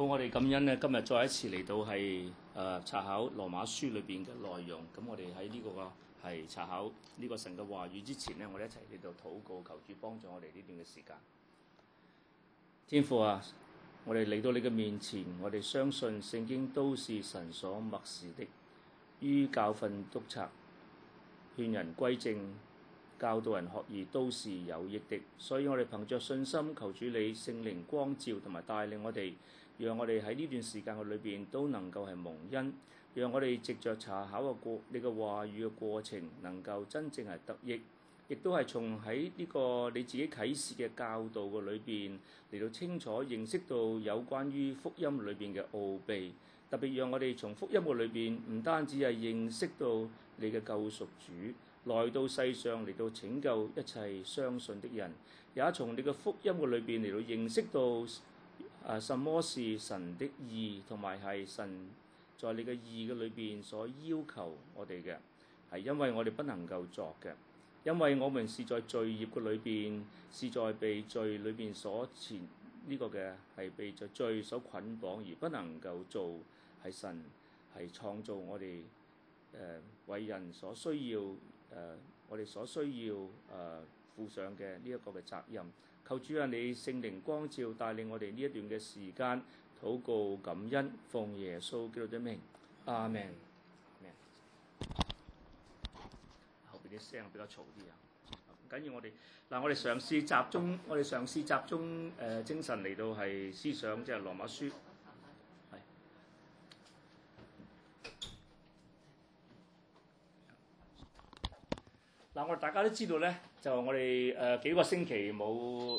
好，我哋感恩呢。今日再一次嚟到係誒、呃、查考羅馬書裏邊嘅內容。咁我哋喺呢個個係查考呢個神嘅話語之前呢，我哋一齊嚟到禱告，求主幫助我哋呢段嘅時間。天父啊，我哋嚟到你嘅面前，我哋相信聖經都是神所默示的，於教訓、督責、勸人歸正、教導人學義都是有益的。所以我哋憑着信心，求主你聖靈光照同埋帶領我哋。讓我哋喺呢段時間嘅裏邊都能夠係蒙恩，讓我哋藉着查考嘅過你嘅話語嘅過程，能夠真正係得益，亦都係從喺呢個你自己啟示嘅教導嘅裏邊嚟到清楚認識到有關於福音裏邊嘅奧秘，特別讓我哋從福音嘅裏邊唔單止係認識到你嘅救贖主來到世上嚟到拯救一切相信的人，也從你嘅福音嘅裏邊嚟到認識到。誒、啊、什麼是神的義，同埋係神在你嘅義嘅裏邊所要求我哋嘅，係因為我哋不能夠作嘅，因為我們是在罪業嘅裏邊是在被罪裏邊所纏呢、這個嘅，係被在罪所捆綁，而不能夠做，係神係創造我哋誒、呃、為人所需要誒、呃、我哋所需要誒負、呃、上嘅呢一個嘅責任。求主啊，你聖靈光照帶領我哋呢一段嘅時間，禱告感恩，奉耶穌基督的名，阿門。阿門。後邊啲聲比較嘈啲啊，唔緊要，我哋嗱，我哋嘗試集中，我哋嘗試集中誒精神嚟到係思想，即係羅馬書。我大家都知道呢就我哋誒、呃、幾個星期冇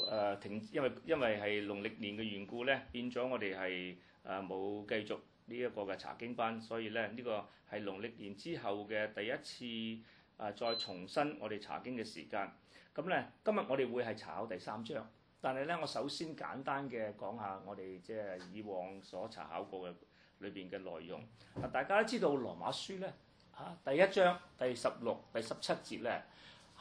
誒、呃、停，因為因為係農曆年嘅緣故呢變咗我哋係誒冇繼續呢一個嘅查經班，所以呢，呢、這個係農曆年之後嘅第一次誒、呃、再重新我哋查經嘅時間。咁呢，今日我哋會係查考第三章，但係呢，我首先簡單嘅講下我哋即係以往所查考過嘅裏邊嘅內容。大家都知道羅馬書呢，嚇第一章第十六、第十七節呢。.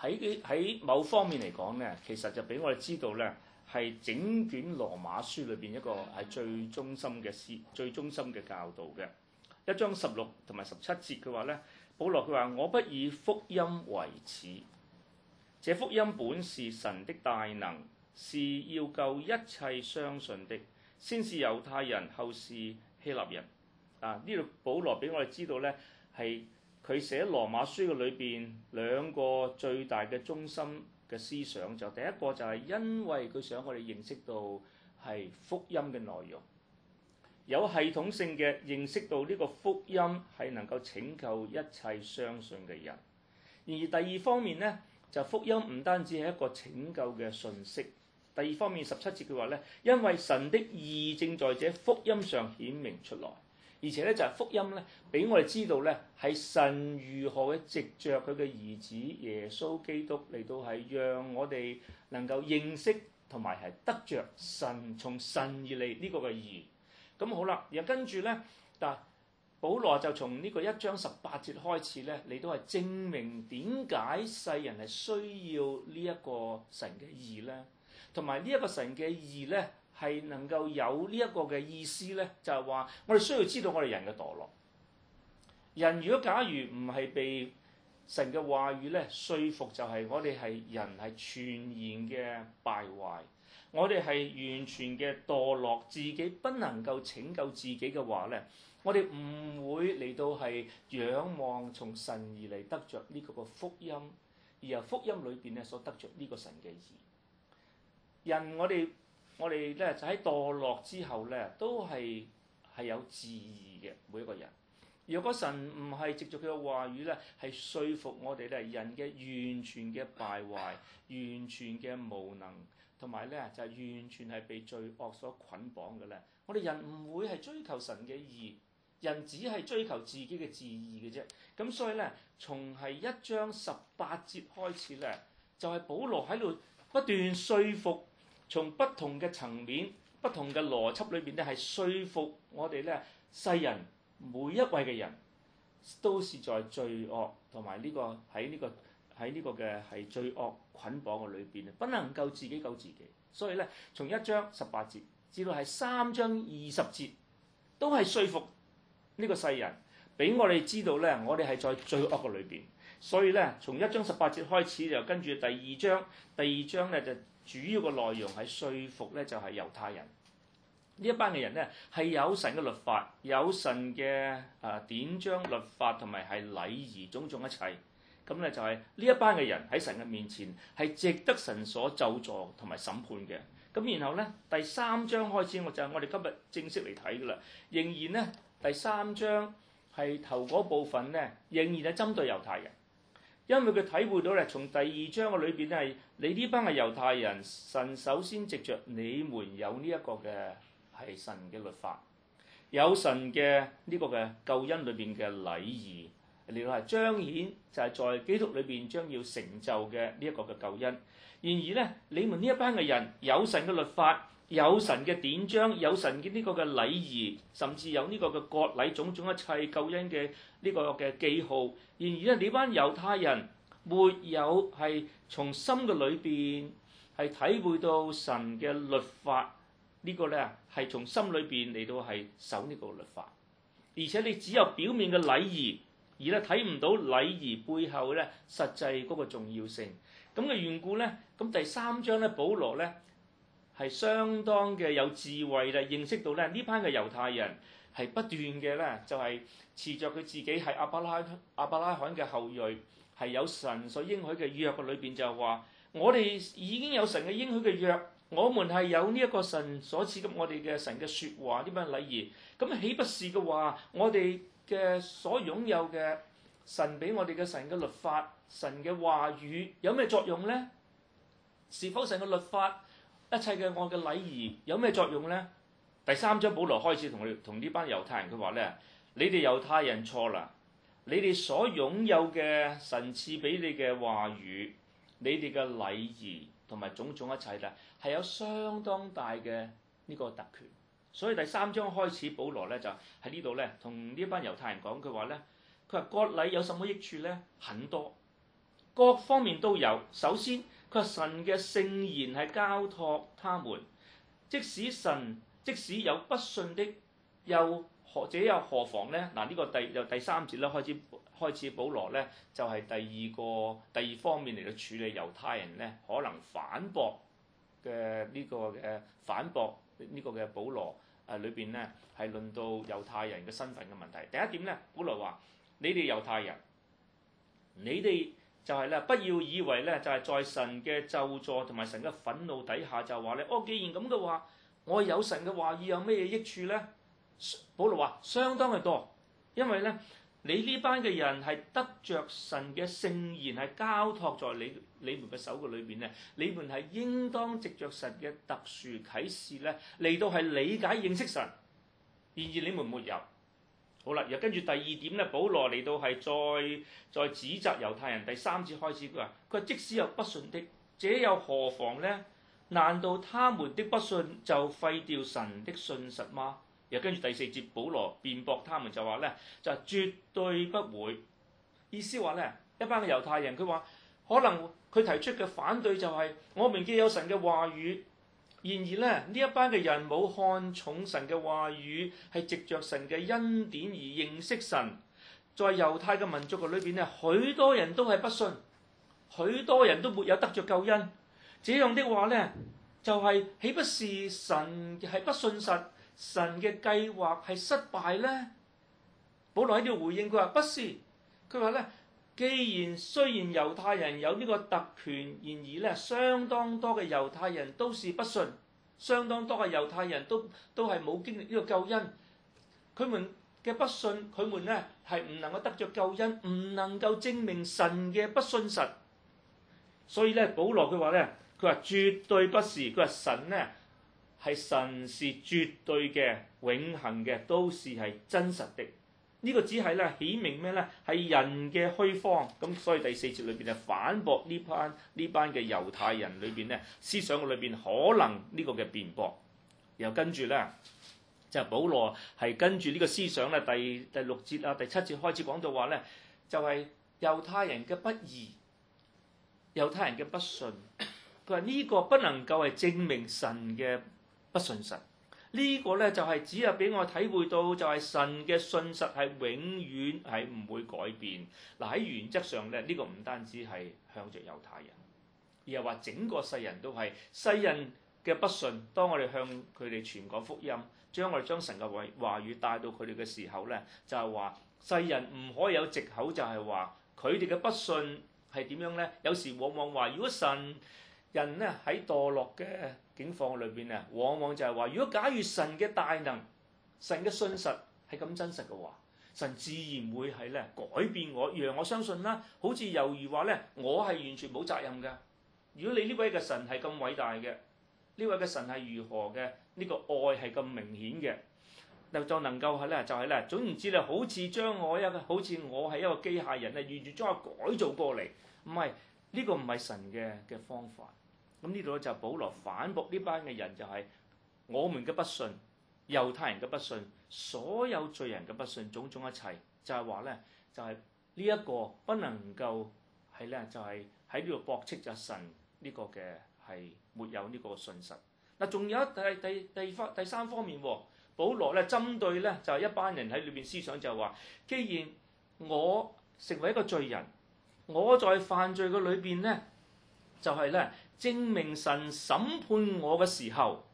喺喺某方面嚟講呢，其實就俾我哋知道呢，係整卷羅馬書裏邊一個係最中心嘅思、最中心嘅教導嘅一章，十六同埋十七節，佢話呢：「保羅佢話：我不以福音為恥，這福音本是神的大能，是要救一切相信的，先是猶太人，後是希臘人。」啊，呢度保羅俾我哋知道呢係。佢寫《羅馬書裏面》嘅裏邊兩個最大嘅中心嘅思想就，就第一個就係因為佢想我哋認識到係福音嘅內容，有系統性嘅認識到呢個福音係能夠拯救一切相信嘅人。而第二方面呢，就福音唔單止係一個拯救嘅訊息。第二方面，十七節佢話呢，因為神的義正在這福音上顯明出來。而且咧就福音咧，俾我哋知道咧，係神如何嘅藉著佢嘅兒子耶穌基督嚟到係讓我哋能夠認識同埋係得着神從神而嚟呢、這個嘅義。咁好啦，又跟住咧，嗱，保羅就從呢個一章十八節開始咧，你都係證明點解世人係需要呢一個神嘅義咧，同埋呢一個神嘅義咧。係能夠有呢一個嘅意思呢，就係話我哋需要知道我哋人嘅墮落。人如果假如唔係被神嘅話語咧說服，就係我哋係人係全然嘅敗壞，我哋係完全嘅墮落，自己不能夠拯救自己嘅話呢，我哋唔會嚟到係仰望從神而嚟得着呢個嘅福音，而由福音裏邊咧所得着呢個神嘅義。人我哋。我哋咧就喺墮落之後咧，都係係有自義嘅每一個人。若果神唔係藉著佢嘅話語咧，係説服我哋咧，人嘅完全嘅敗壞、完全嘅無能，同埋咧就係、是、完全係被罪惡所捆綁嘅咧。我哋人唔會係追求神嘅義，人只係追求自己嘅自義嘅啫。咁所以咧，從係一章十八節開始咧，就係、是、保羅喺度不斷説服。從不同嘅層面、不同嘅邏輯裏邊咧，係說服我哋咧，世人每一位嘅人都是在罪惡同埋呢個喺呢、這個喺呢個嘅係罪惡捆綁嘅裏邊，不能夠自己救自己。所以咧，從一章十八節至到係三章二十節，都係說服呢個世人，俾我哋知道咧，我哋係在罪惡嘅裏邊。所以咧，從一章十八節開始，就跟住第二章，第二章咧就。主要嘅內容係說服咧，就係、是、猶太人、人呢一班嘅人咧，係有神嘅律法，有神嘅啊典章律法同埋係禮儀種種一切，咁咧就係呢一班嘅人喺神嘅面前係值得神所咒詛同埋審判嘅。咁然後咧，第三章開始、就是、我就係我哋今日正式嚟睇㗎喇。仍然咧，第三章係頭嗰部分咧，仍然係針對猶太人。因為佢體會到咧，從第二章嘅裏邊咧，係你呢班嘅猶太人，神首先藉着你們有呢一個嘅係神嘅律法，有神嘅呢個嘅救恩裏邊嘅禮儀，嚟到係彰顯就係在基督裏邊將要成就嘅呢一個嘅救恩。然而咧，你們呢一班嘅人有神嘅律法。有神嘅典章，有神嘅呢個嘅禮儀，甚至有呢個嘅割禮，種種一切救恩嘅呢個嘅記號。然而咧，呢班猶太人沒有係從心嘅裏邊係體會到神嘅律法，這個、呢個咧係從心裏邊嚟到係守呢個律法。而且你只有表面嘅禮儀，而咧睇唔到禮儀背後咧實際嗰個重要性。咁嘅緣故咧，咁第三章咧，保羅咧。係相當嘅有智慧啦，認識到咧呢班嘅猶太人係不斷嘅咧，就係、是、持着佢自己係亞伯拉亞伯拉罕嘅後裔，係有神所應許嘅約嘅裏邊就係話：我哋已經有神嘅應許嘅約，我們係有呢一個神所賜給我哋嘅神嘅説話呢班禮儀，咁豈不是嘅話？我哋嘅所擁有嘅神俾我哋嘅神嘅律法、神嘅話語有咩作用咧？是否成個律法？一切嘅我嘅禮儀有咩作用呢？第三章保羅開始同佢同呢班猶太人，佢話呢，「你哋猶太人錯啦！你哋所擁有嘅神賜俾你嘅話語，你哋嘅禮儀同埋種種一切咧，係有相當大嘅呢個特權。所以第三章開始，保羅呢就喺呢度呢，同呢班猶太人講，佢話呢，「佢話割禮有什麼益處呢？很多，各方面都有。首先。佢神嘅聖言係交託他們，即使神即使有不信的，又何者又何妨呢？嗱、這、呢個第由第三節咧開始開始，開始保羅呢就係、是、第二個第二方面嚟到處理猶太人呢可能反駁嘅、這個、呢個嘅反駁呢個嘅保羅啊裏邊呢係論到猶太人嘅身份嘅問題。第一點呢，保羅話：你哋猶太人，你哋。就係、是、咧，不要以為咧，就係、是、在神嘅咒詛同埋神嘅憤怒底下，就話咧，哦，既然咁嘅話，我有神嘅話語有咩益處咧？保羅話相當嘅多，因為咧，你呢班嘅人係得着神嘅聖言係交託在你你們嘅手嘅裏邊咧，你們係應當藉着神嘅特殊啟示咧，嚟到係理解認識神，然而你們沒有。好啦，又跟住第二點咧，保羅嚟到係再再指責猶太人，第三節開始佢話：佢即使有不信的，這又何妨呢？難道他們的不信就廢掉神的信實嗎？又跟住第四節，保羅辯駁他們就話咧，就是、絕對不會，意思話咧，一班猶太人佢話，可能佢提出嘅反對就係、是，我明記有神嘅話語。然而咧，呢一班嘅人冇看重神嘅話語，係藉着神嘅恩典而認識神。在猶太嘅民族裏邊咧，許多人都係不信，許多人都沒有得着救恩。這樣的話咧，就係、是，豈不是神係不信實，神嘅計劃係失敗咧？保羅喺度回應佢話，不是，佢話咧。既然雖然猶太人有呢個特權，然而咧，相當多嘅猶太人都是不信，相當多嘅猶太人都都係冇經歷呢個救恩。佢們嘅不信，佢們咧係唔能夠得着救恩，唔能夠證明神嘅不信實。所以咧，保羅佢話咧，佢話絕對不是，佢話神咧係神是絕對嘅、永恆嘅，都是係真實的。呢個只係咧起名咩咧？係人嘅虛謊，咁所以第四節裏邊就反駁呢班呢班嘅猶太人裏邊咧思想裏邊可能呢個嘅辯駁，又跟住咧就保羅係跟住呢個思想咧，第第六節啊第七節開始講就話咧，就係、是、猶太人嘅不義，猶太人嘅不順，佢話呢個不能夠係證明神嘅不順神。個呢個咧，就係只係俾我體會到，就係神嘅信實係永遠係唔會改變。嗱，喺原則上咧，呢、這個唔單止係向着猶太人，而係話整個世人都係世人嘅不信。當我哋向佢哋傳講福音，將我哋將神嘅話話語帶到佢哋嘅時候咧，就係、是、話世人唔可以有藉口，就係話佢哋嘅不信係點樣咧？有時往往話，如果神人咧喺墮落嘅境況裏邊咧，往往就係話：如果假如神嘅大能、神嘅信實係咁真實嘅話，神自然會係咧改變我，讓我相信啦。好似猶如話咧，我係完全冇責任嘅。如果你呢位嘅神係咁偉大嘅，呢位嘅神係如何嘅？呢、這個愛係咁明顯嘅，就能夠就能夠係咧就係咧，總言之咧，好似將我，我一個好似我係一個機械人咧，完全將我改造過嚟，唔係呢個唔係神嘅嘅方法。咁呢度咧就係保羅反駁呢班嘅人，就係我們嘅不信、猶太人嘅不信、所有罪人嘅不信，種種一切，就係話咧，就係呢一個不能夠係咧，就係喺呢度駁斥就神呢個嘅係沒有呢個信實。嗱、啊，仲有一第第第二第三方面喎、哦，保羅咧針對咧就係、是、一班人喺裏邊思想就係話，既然我成為一個罪人，我在犯罪嘅裏邊咧，就係、是、咧。證明神審判我嘅時候，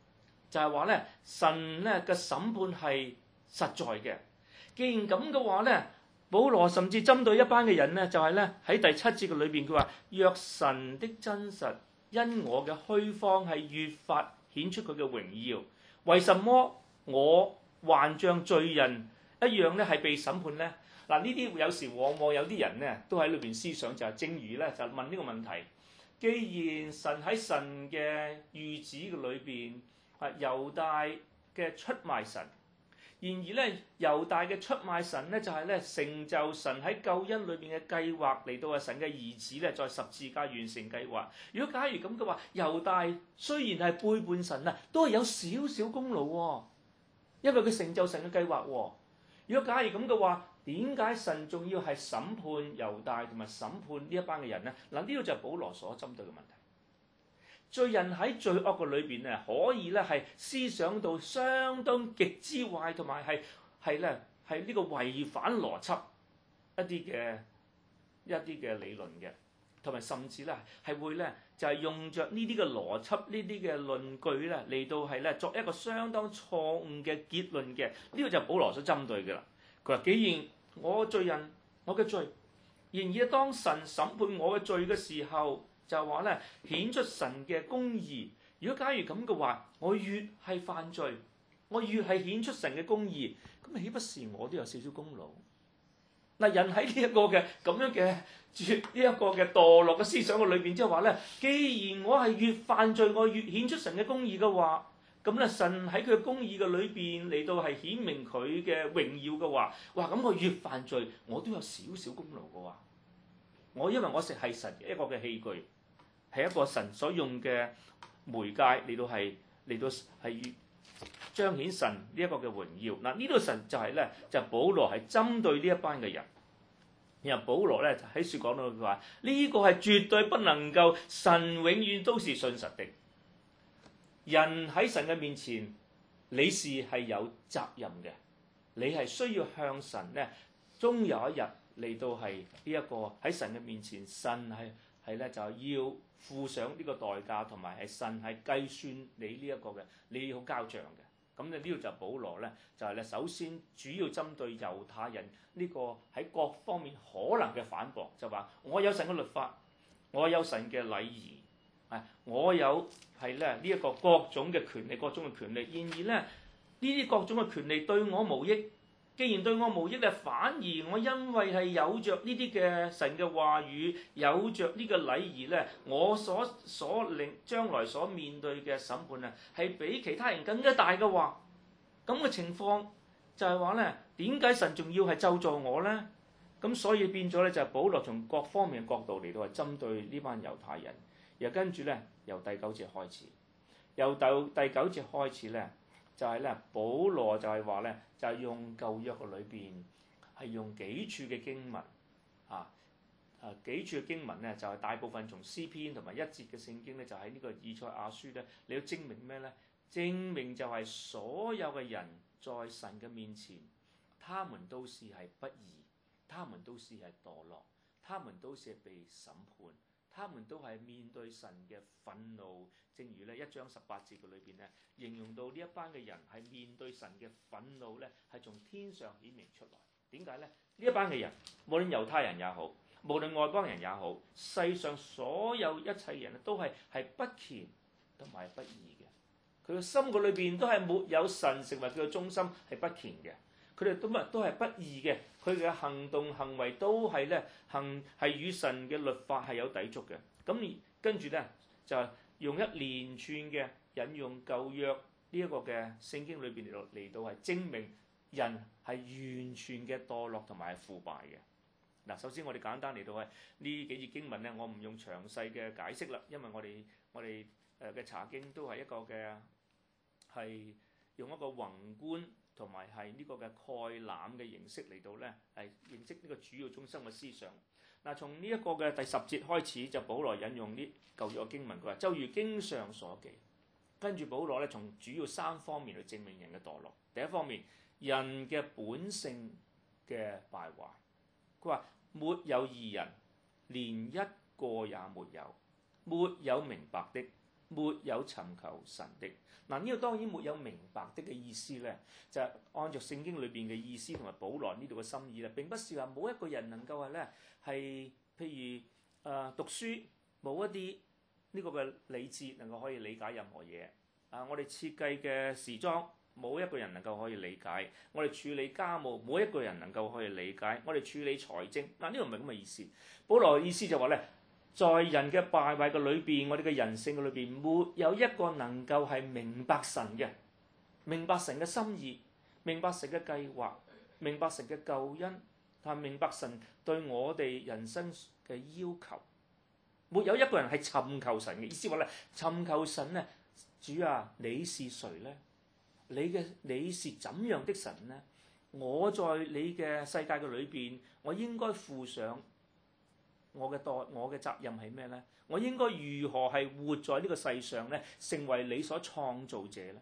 就係話咧，神咧嘅審判係實在嘅。既然咁嘅話咧，保羅甚至針對一班嘅人咧，就係咧喺第七節嘅裏邊，佢話：若神的真實因我嘅虛謊係越發顯出佢嘅榮耀，為什麼我還像罪人一樣咧，係被審判咧？嗱，呢啲有時往往有啲人咧都喺裏邊思想就係正如咧，就是就是、問呢個問題。既然神喺神嘅預旨嘅裏邊，啊猶大嘅出賣神，然而咧猶大嘅出賣神咧就係、是、咧成就神喺救恩裏邊嘅計劃，嚟到阿神嘅兒子咧在十字架完成計劃。如果假如咁嘅話，猶大雖然係背叛神啊，都係有少少功勞喎、哦，因為佢成就神嘅計劃喎。如果假如咁嘅話，點解神仲要係審判猶太同埋審判呢一班嘅人咧？嗱，呢個就係保羅所針對嘅問題。罪人喺罪惡嘅裏邊咧，可以咧係思想到相當極之壞，同埋係係咧係呢個違反邏輯一啲嘅一啲嘅理論嘅，同埋甚至咧係會咧就係、是、用着呢啲嘅邏輯、呢啲嘅論據咧嚟到係咧作一個相當錯誤嘅結論嘅。呢個就係保羅所針對嘅啦。佢話：既然我罪人，我嘅罪，然而當神審判我嘅罪嘅時候，就話咧顯出神嘅公義。如果假如咁嘅話，我越係犯罪，我越係顯出神嘅公義，咁豈不是我都有少少功勞？嗱、這個，人喺呢一個嘅咁樣嘅呢一個嘅墮落嘅思想嘅裏邊，即係話咧，既然我係越犯罪，我越顯出神嘅公義嘅話，咁咧，神喺佢嘅公義嘅裏邊嚟到係顯明佢嘅榮耀嘅話，哇！咁我越犯罪，我都有少少功勞嘅話，我因為我食係神一個嘅器具，係一個神所用嘅媒介嚟到係嚟到係彰顯神呢一個嘅榮耀。嗱，呢度神就係咧，就保羅係針對呢一班嘅人，然後保羅咧就喺説講到佢話，呢個係絕對不能夠，神永遠都是信實的。人喺神嘅面前，你是係有責任嘅，你係需要向神咧，終有一日嚟到係呢一個喺神嘅面前，神係係咧就要付上呢個代價，同埋係神係計算你呢一個嘅，你要好交賬嘅。咁咧呢度就保羅咧就係、是、咧首先主要針對猶太人呢、這個喺各方面可能嘅反駁，就話、是、我有神嘅律法，我有神嘅禮儀。我有係咧呢一個各種嘅權利，各種嘅權利。然而咧，呢啲各種嘅權利對我無益。既然對我無益咧，反而我因為係有着呢啲嘅神嘅話語，有着呢個禮儀咧，我所所令將來所面對嘅審判啊，係比其他人更加大嘅話。咁嘅情況就係話呢點解神仲要係救助我呢？咁所以變咗呢就係保羅從各方面角度嚟到係針對呢班猶太人。又跟住咧，由第九節開始，由第第九節開始咧，就係咧，保羅就係話咧，就係用舊約嘅裏邊，係用幾處嘅經文，啊，啊幾處嘅經文咧，就係大部分從詩篇同埋一節嘅聖經咧，就喺呢個以賽亞書咧，你要證明咩咧？證明就係所有嘅人在神嘅面前，他們都是係不義，他們都是係墮落，他們都是被審判。他們都係面對神嘅憤怒，正如咧一章十八節嘅裏邊咧，形容到呢一班嘅人係面對神嘅憤怒咧，係從天上顯明出來。點解咧？呢一班嘅人，無論猶太人也好，無論外邦人也好，世上所有一切人咧，都係係不虔同埋不義嘅。佢嘅心嘅裏邊都係沒有神成為佢嘅中心，係不虔嘅。佢哋都乜都係不義嘅，佢哋嘅行動行為都係咧行係與神嘅律法係有抵觸嘅。咁跟住咧就係用一連串嘅引用舊約呢一個嘅聖經裏邊嚟到嚟到係證明人係完全嘅墮落同埋腐敗嘅。嗱，首先我哋簡單嚟到係呢幾節經文咧，我唔用詳細嘅解釋啦，因為我哋我哋誒嘅查經都係一個嘅係用一個宏觀。同埋係呢個嘅概覽嘅形式嚟到咧，係認識呢個主要中心嘅思想。嗱，從呢一個嘅第十節開始就保羅引用啲舊約經文，佢話就如經上所記。跟住保羅咧，從主要三方面去證明人嘅墮落。第一方面，人嘅本性嘅敗壞。佢話沒有義人，連一個也沒有，沒有明白的。沒有尋求神的，嗱、這、呢個當然沒有明白的嘅意思咧，就係、是、按照聖經裏邊嘅意思同埋保羅呢度嘅心意啦。並不是話冇一個人能夠話咧係譬如誒、呃、讀書冇一啲呢、這個嘅理智能夠可以理解任何嘢。啊、呃，我哋設計嘅時裝冇一個人能夠可以理解，我哋處理家務冇一個人能夠可以理解，我哋處理財政嗱呢、呃這個唔係咁嘅意思。保羅嘅意思就話咧。在人嘅敗壞嘅裏邊，我哋嘅人性嘅裏邊，沒有一個能夠係明白神嘅，明白神嘅心意，明白神嘅計劃，明白神嘅救恩，但明白神對我哋人生嘅要求。沒有一個人係尋求神嘅意思話咧，尋求神咧，主啊，你是誰咧？你嘅你是怎樣的神咧？我在你嘅世界嘅裏邊，我應該附上。我嘅代我嘅責任係咩咧？我應該如何係活在呢個世上咧？成為你所創造者咧？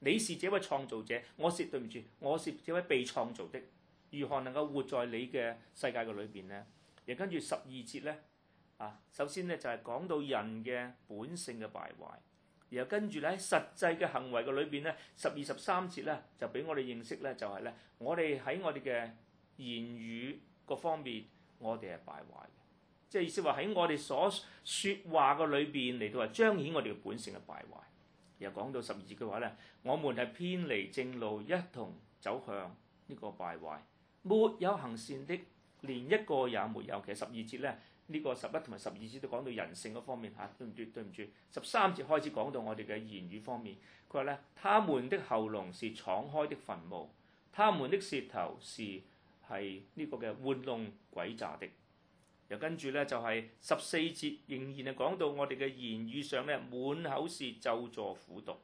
你是這位創造者，我是對唔住，我是這位被創造的。如何能夠活在你嘅世界嘅裏邊咧？然後跟住十二節咧啊，首先咧就係講到人嘅本性嘅敗壞，然後跟住喺實際嘅行為嘅裏邊咧，十二十三節咧就俾我哋認識咧，就係、是、咧我哋喺我哋嘅言語各方面，我哋係敗壞嘅。即係意思話喺我哋所説話嘅裏邊嚟到話，彰顯我哋嘅本性嘅敗壞。然後講到十二句話咧，我們係偏離正路，一同走向呢個敗壞。沒有行善的，連一個也沒有。其實十二節咧，呢、這個十一同埋十二節都講到人性嗰方面嚇、啊，對唔住，對唔住。十三節開始講到我哋嘅言語方面，佢話咧，他們的喉嚨是敞開的墳墓，他們的舌頭是係呢個嘅玩弄詭詐的。又跟住咧就係十四節仍然係講到我哋嘅言語上咧，滿口是咒詛苦毒。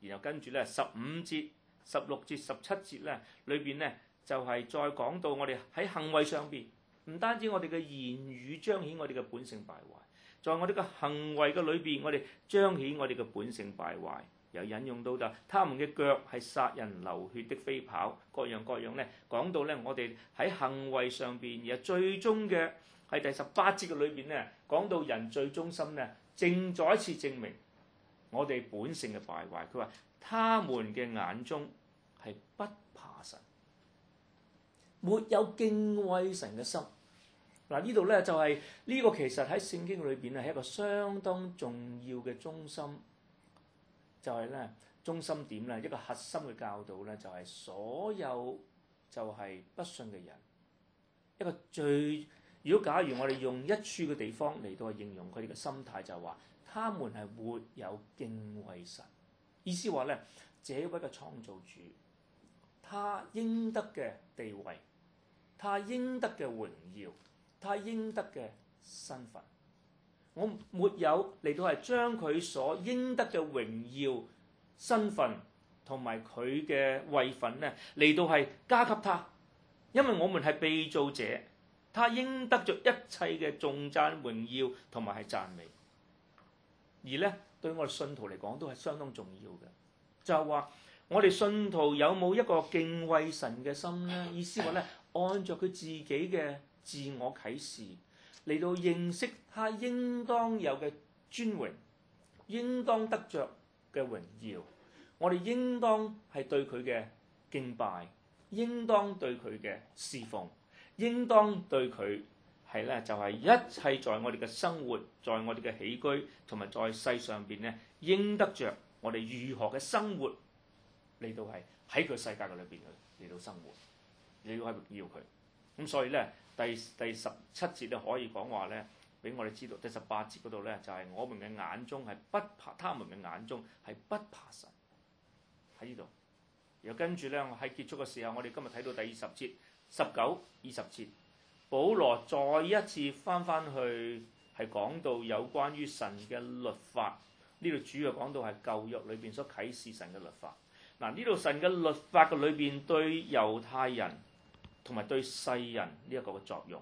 然後跟住咧十五節、十六節、十七節咧裏邊咧就係再講到我哋喺行為上邊，唔單止我哋嘅言語彰顯我哋嘅本性敗壞，在我哋嘅行為嘅裏邊，我哋彰顯我哋嘅本性敗壞。又引用到就，他們嘅腳係殺人流血的飛跑，各樣各樣咧講到咧我哋喺行為上邊，而最終嘅。喺第十八節嘅裏邊咧，講到人最中心咧，正再一次證明我哋本性嘅敗壞。佢話：他們嘅眼中係不怕神，沒有敬畏神嘅心。嗱、就是，呢度咧就係呢個其實喺聖經裏邊咧係一個相當重要嘅中心，就係咧中心點咧一個核心嘅教導咧就係、是、所有就係不信嘅人一個最。如果假如我哋用一處嘅地方嚟到去形容佢哋嘅心態，就係話，他們係沒有敬畏神，意思話咧，這位嘅創造主，他應得嘅地位，他應得嘅榮耀，他應得嘅身份，我沒有嚟到係將佢所應得嘅榮耀、身份同埋佢嘅位份咧，嚟到係加給他，因為我們係被造者。他應得着一切嘅重讚榮耀同埋係讚美，而咧對我哋信徒嚟講都係相當重要嘅。就係、是、話，我哋信徒有冇一個敬畏神嘅心咧？意思話咧，按著佢自己嘅自我啟示嚟到認識他應當有嘅尊榮，應當得着嘅榮耀，我哋應當係對佢嘅敬拜，應當對佢嘅侍奉。應當對佢係咧，就係、是、一切在我哋嘅生活，在我哋嘅起居同埋在世上邊咧，應得着我哋如何嘅生活嚟到係喺佢世界嘅裏邊嚟到生活，你喺度要佢。咁所以咧，第第十七節咧可以講話咧，俾我哋知道第十八節嗰度咧就係、是、我們嘅眼中係不怕，他們嘅眼中係不怕神喺呢度。又跟住咧，喺結束嘅時候，我哋今日睇到第二十節。十九二十節，保羅再一次返返去係講到有關於神嘅律法，呢度主要講到係舊約裏邊所啟示神嘅律法。嗱，呢度神嘅律法嘅裏邊對猶太人同埋對世人呢一個嘅作用，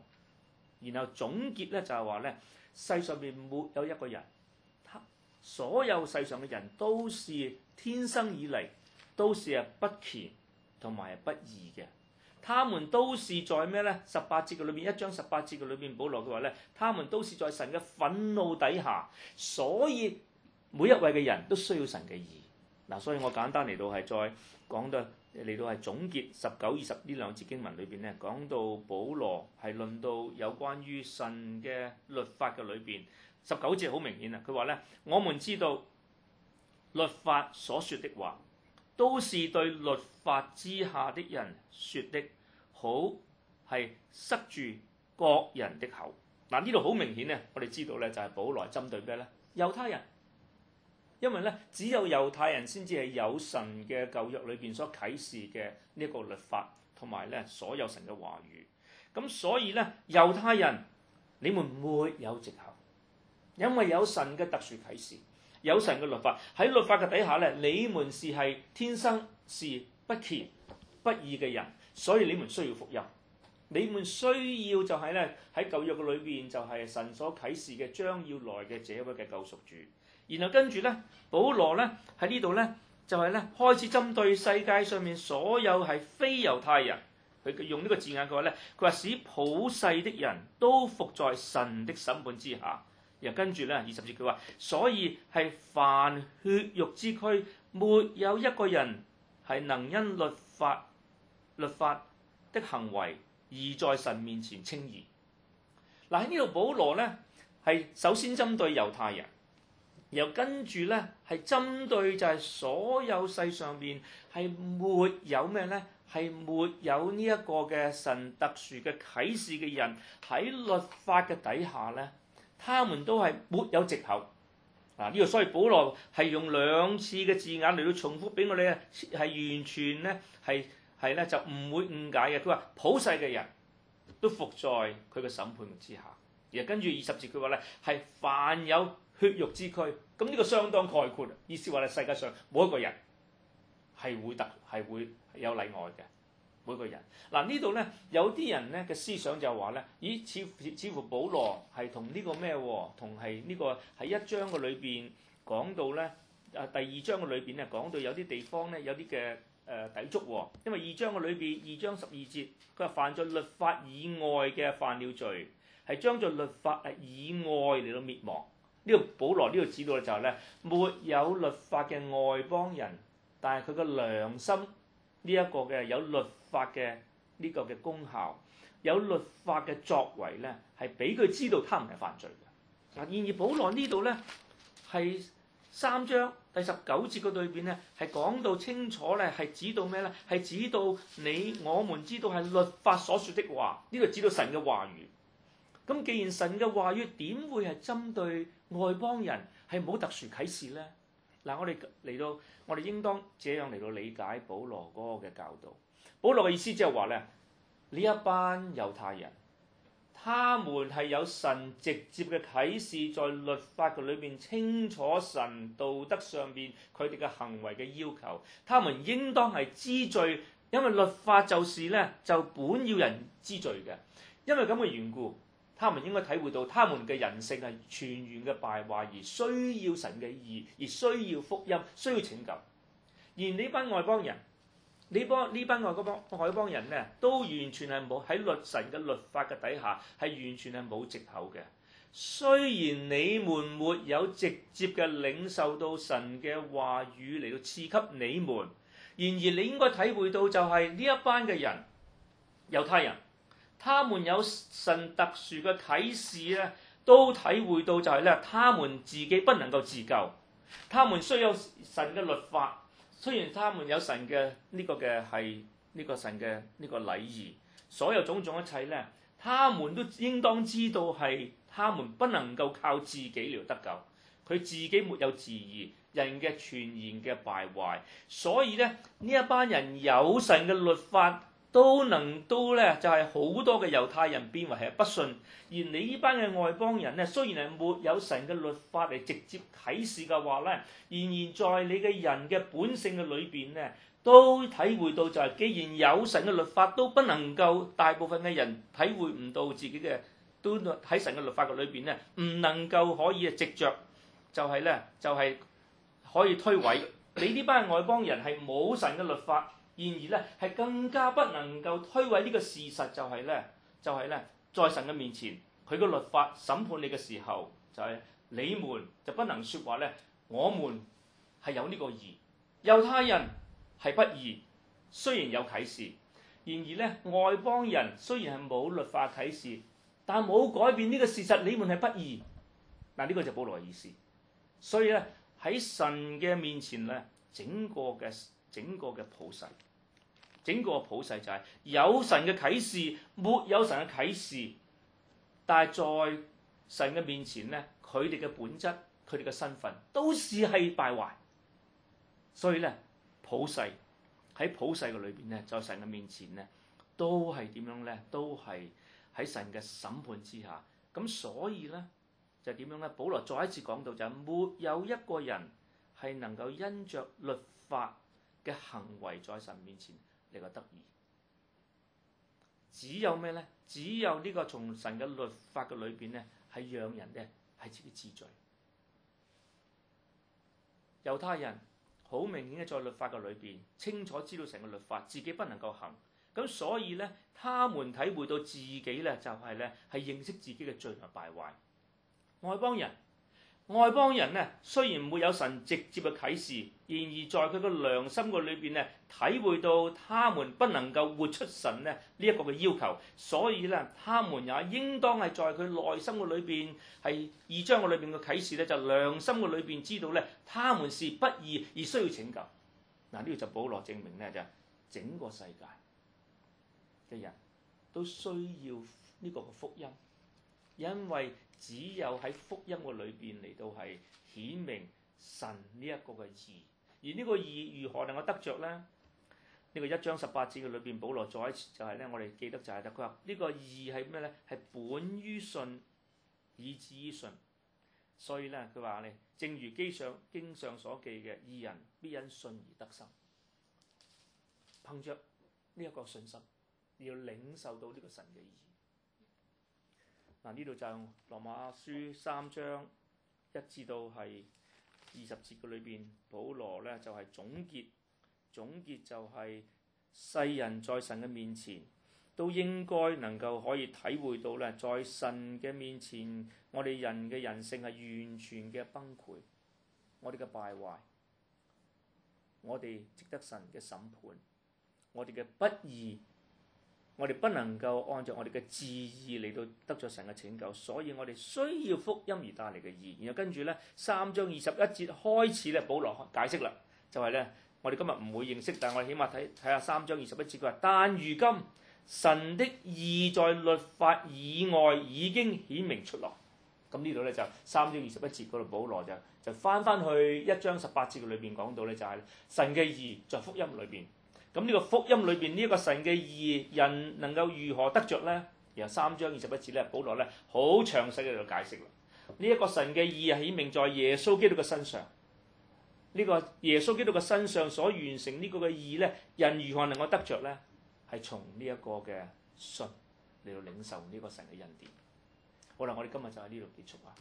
然後總結咧就係話咧，世上邊沒有一個人，所有世上嘅人都是天生以嚟都是啊不虔同埋不義嘅。他們都是在咩呢？十八節嘅裏面，一章十八節嘅裏面，保羅嘅話呢，「他們都是在神嘅憤怒底下，所以每一位嘅人都需要神嘅義。嗱、啊，所以我簡單嚟到係再講到嚟到係總結十九、二十呢兩節經文裏邊呢，講到保羅係論到有關於神嘅律法嘅裏邊，十九節好明顯啊，佢話呢，「我們知道律法所說的話。都是對律法之下的人說的，好係塞住各人的口。嗱，呢度好明顯咧，我哋知道咧就係保羅針對咩呢？猶太人，因為咧只有猶太人先至係有神嘅舊約裏邊所啟示嘅呢一個律法，同埋咧所有神嘅話語。咁所以呢，猶太人，你唔會有藉口，因為有神嘅特殊啟示。有神嘅律法喺律法嘅底下咧，你們是係天生是不虔不義嘅人，所以你們需要福音。你們需要就係咧喺舊約嘅裏邊就係神所啟示嘅將要來嘅這位嘅救贖主。然後跟住咧，保羅咧喺呢度咧就係咧開始針對世界上面所有係非猶太人，佢用呢個字眼嘅話咧，佢話使普世的人都服在神的審判之下。又跟住咧，二十節佢話，所以係凡血肉之軀，沒有一個人係能因律法、律法的行為而在神面前稱義。嗱喺呢度，保羅咧係首先針對猶太人，又跟住咧係針對就係所有世上面係沒有咩咧，係沒有呢一個嘅神特殊嘅啟示嘅人喺律法嘅底下咧。他們都係沒有借口。啊，呢個所以保羅係用兩次嘅字眼嚟到重複俾我哋咧係完全咧係係咧就唔會誤解嘅。佢話普世嘅人都服在佢嘅審判之下，而跟住二十節佢話咧係凡有血肉之軀，咁、這、呢個相當概括，啊，意思話咧世界上冇一個人係會特係會有例外嘅。每個人嗱呢度咧，有啲人咧嘅思想就係話咧，咦似似似乎保羅係同呢個咩喎？同係呢個喺一章嘅裏邊講到咧，啊第二章嘅裏邊咧講到有啲地方咧有啲嘅誒抵觸喎，因為二章嘅裏邊二章十二節，佢話犯咗「律法以外」嘅犯了罪，係將在律法以外嚟到滅亡。呢個保羅呢度指到咧就係咧，沒有律法嘅外邦人，但係佢嘅良心呢一個嘅有律法嘅呢個嘅功效，有律法嘅作為咧，係俾佢知道，他唔係犯罪嘅嗱。然而保，保羅呢度咧，係三章第十九節嘅對邊咧，係講到清楚咧，係指到咩咧？係指到你，我們知道係律法所說的話，呢度指到神嘅話語。咁既然神嘅話語點會係針對外邦人，係冇特殊啟示咧嗱？我哋嚟到，我哋應當這樣嚟到理解保羅嗰個嘅教導。保羅嘅意思即係話咧，呢一班猶太人，他們係有神直接嘅啟示，在律法嘅裏面清楚神道德上邊佢哋嘅行為嘅要求，他們應當係知罪，因為律法就是咧就本要人知罪嘅。因為咁嘅緣故，他們應該體會到他們嘅人性係全然嘅敗壞，而需要神嘅意義，而需要福音，需要拯救。而呢班外邦人。呢幫呢班外邦外邦人呢，都完全係冇喺律神嘅律法嘅底下，係完全係冇藉口嘅。雖然你們沒有直接嘅領受到神嘅話語嚟到賜給你們，然而你應該體會到就係、是、呢一班嘅人，猶太人，他們有神特殊嘅啟示咧，都體會到就係、是、呢：他們自己不能夠自救，他們需有神嘅律法。雖然他們有神嘅呢、這個嘅係呢個神嘅呢、這個禮儀，所有種種一切呢，他們都應當知道係他們不能夠靠自己嚟得救，佢自己沒有自義，人嘅全然嘅敗壞，所以咧呢一班人有神嘅律法。都能都咧，就係好多嘅猶太人變為係不信，而你呢班嘅外邦人咧，雖然係沒有神嘅律法嚟直接啟示嘅話咧，仍然在你嘅人嘅本性嘅裏邊咧，都體會到就係既然有神嘅律法都不能夠大部分嘅人體會唔到自己嘅，都喺神嘅律法嘅裏邊咧，唔能夠可以係直着就係咧，就係可以推諉你呢班外邦人係冇神嘅律法。然而咧，係更加不能夠推諉呢個事實，就係咧，就係咧，在神嘅面前，佢嘅律法審判你嘅時候，就係你們就不能説話咧，我們係有呢個義，猶太人係不義，雖然有啟示，然而咧，外邦人雖然係冇律法啟示，但冇改變呢個事實，你們係不義。嗱，呢個就係保羅嘅意思。所以咧喺神嘅面前咧，整個嘅。整個嘅普世，整個嘅普世就係有神嘅啟示、沒有神嘅啟示。但係在神嘅面前咧，佢哋嘅本質，佢哋嘅身份都是係敗壞。所以咧，普世喺普世嘅裏邊咧，在神嘅面前咧，都係點樣咧？都係喺神嘅審判之下。咁所以咧，就係點樣咧？保羅再一次講到就係沒有一個人係能夠因着律法。嘅行為在神面前你覺得得意，只有咩呢？只有呢個從神嘅律法嘅裏邊呢，係讓人呢係自己知罪。猶太人好明顯嘅在律法嘅裏邊清楚知道神嘅律法，自己不能夠行，咁所以呢，他們體會到自己呢，就係呢係認識自己嘅罪同敗壞。外邦人。外邦人呢，雖然唔會有神直接嘅啟示，然而在佢嘅良心嘅裏邊呢，體會到他們不能夠活出神呢呢一個嘅要求，所以呢，他們也應當係在佢內心嘅裏邊係二章嘅裏邊嘅啟示呢，就是、良心嘅裏邊知道呢，他們是不義而需要拯救。嗱，呢個就保羅證明呢，就整個世界嘅人都需要呢個嘅福音。因為只有喺福音嘅裏邊嚟到係顯明神呢一個嘅義，而呢個義如何能夠得着咧？呢、呢個一章十八節嘅裏邊，保羅再一次就係咧，我哋記得就係得佢話呢個義係咩咧？係本於信，以致於信。所以咧，佢話咧，正如經上經上所記嘅，義人必因信而得生。憑着呢一個信心，要領受到呢個神嘅義。呢度、啊、就《羅馬書》三章一至到係二十節嘅裏邊，保羅呢就係、是、總結，總結就係世人在神嘅面前都應該能夠可以體會到呢，在神嘅面前，我哋人嘅人性係完全嘅崩潰，我哋嘅敗壞，我哋值得神嘅審判，我哋嘅不義。我哋不能夠按照我哋嘅志意嚟到得咗神嘅拯救，所以我哋需要福音而帶嚟嘅義。然後跟住咧，三章二十一節開始咧，保羅解釋啦，就係咧，我哋今日唔會認識，但係我哋起碼睇睇下三章二十一節。佢話：但如今神的義在律法以外已經顯明出來。咁，嗯，呢度咧就三章二十一節嗰度，保羅就就返返去一章十八節嘅裏邊講到咧，就係神嘅義在福音裏邊。咁呢個福音裏邊呢一個神嘅義，人能夠如何得著咧？由三章二十一節咧，保羅咧好詳細喺度解釋啦。呢一個神嘅義啊，顯明在耶穌基督嘅身上。呢個耶穌基督嘅身上所完成呢個嘅義咧，人如何能夠得着呢？係從呢一個嘅信嚟到領受呢個神嘅恩典。好啦，我哋今日就喺呢度結束啦。